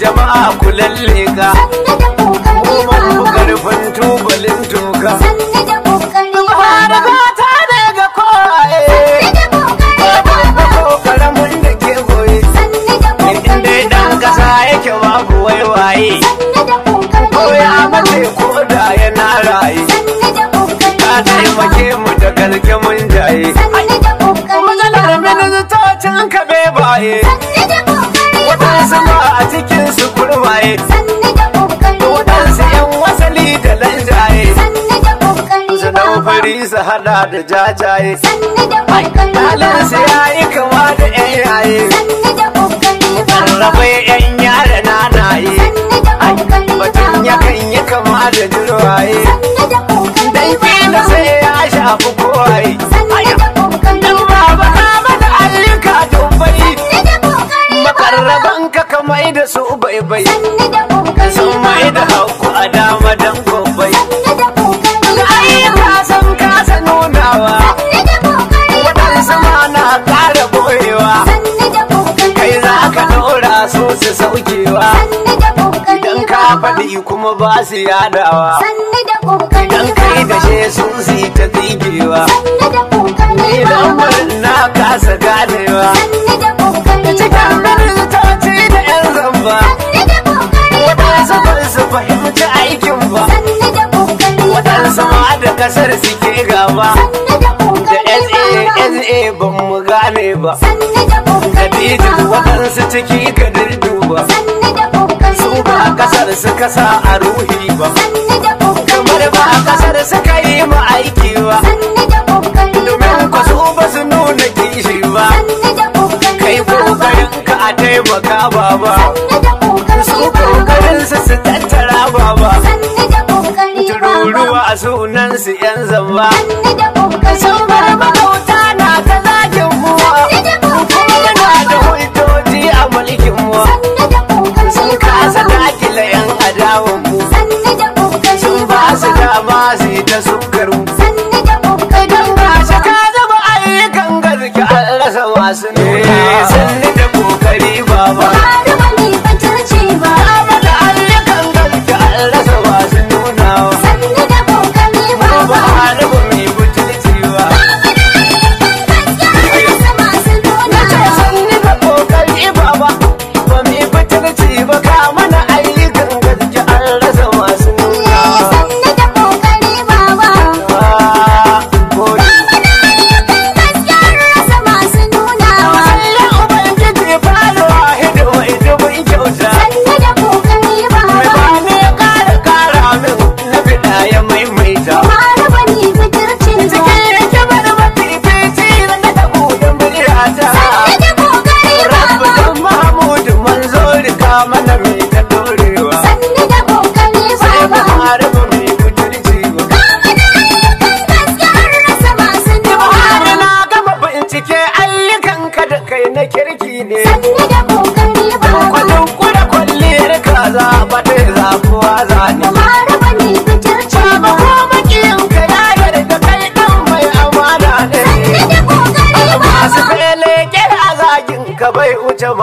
jama'a ku lalle ka cikin su kurwaye sanni yan wasali da lanjaye sanni da fari su hada da jajaye sanni su yayi kama da yan yaye sanni da yan yara nanaye sanni da kokari yakan yi kama da jirwaye sanni da kokari sai ya shafi kowaye da su bai bai san mai da hauku a dama dan gobai ai ka san ka san nunawa waɗansu ma na ƙara boyewa kai za ka ɗora su su saukewa idan ka faɗi kuma ba su yadawa idan kai da she sun su ta da idan na kasa ganewa cikin ta da yan zamba waɗansu ba su fahimci aikin ba waɗansu ma da ƙasar suke gaba da sa ban mu gane ba Khadija waɗansu ciki ka ba su ba ƙasar su kasa a ruhi ba kamar ba ƙasar su kai ma aiki ba taimaka baba su su su tattara baba a sunan su yan zamba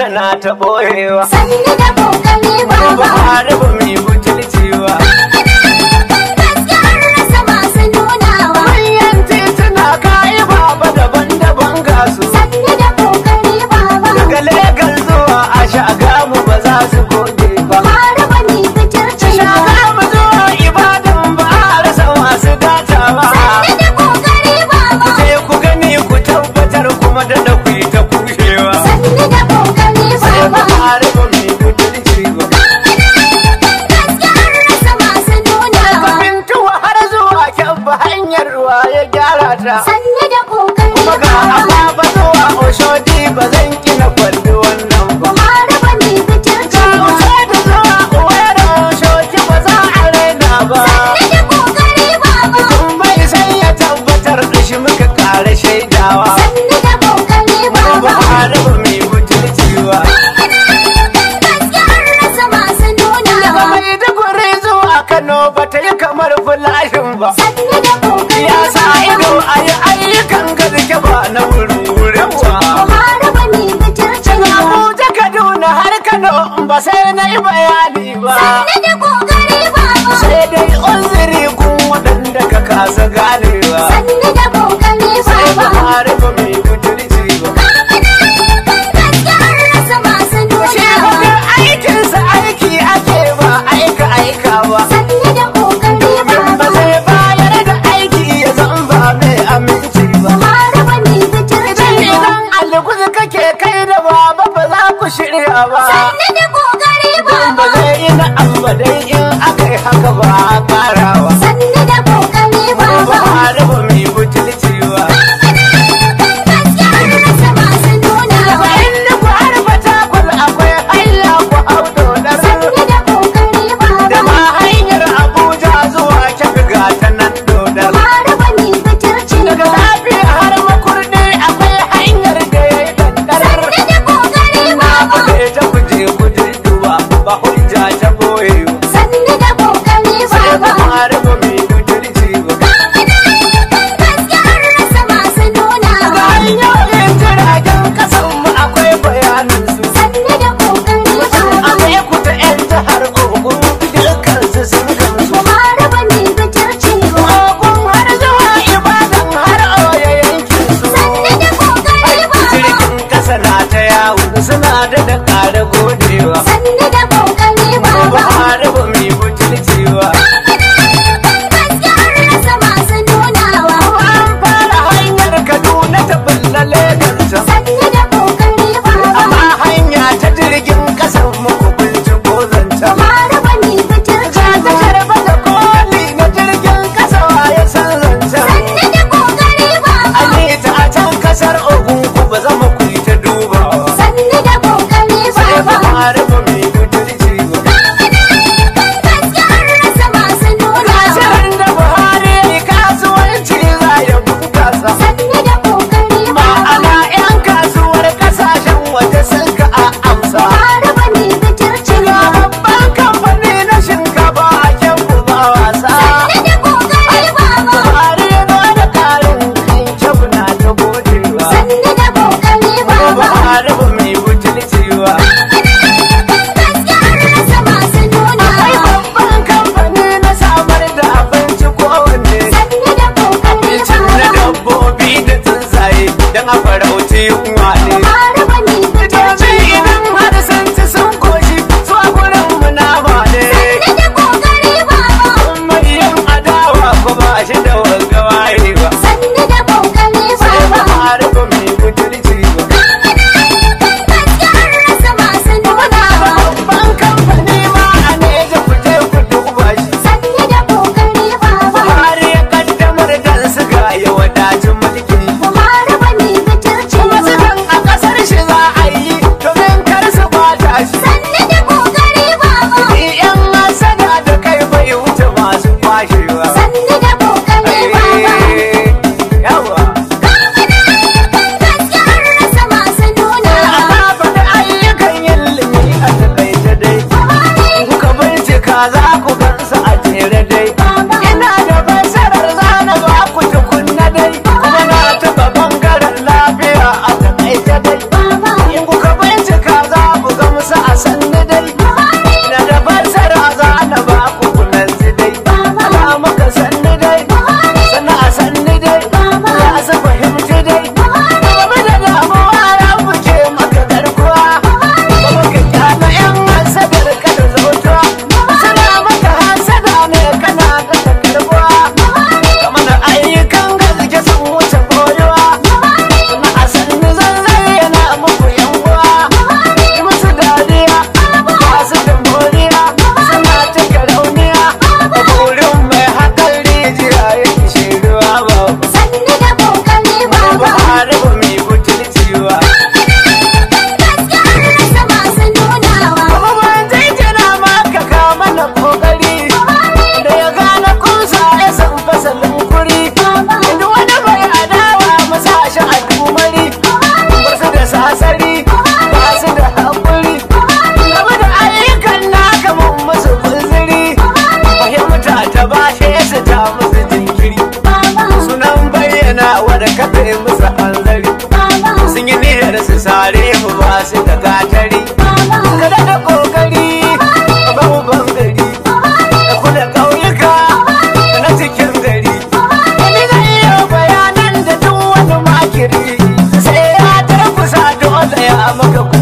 gwamna na ta ɓoyewa. Sani da kokali ba ba. Ba ba mai ba hujja ta boye sanni da kokari ba ba lo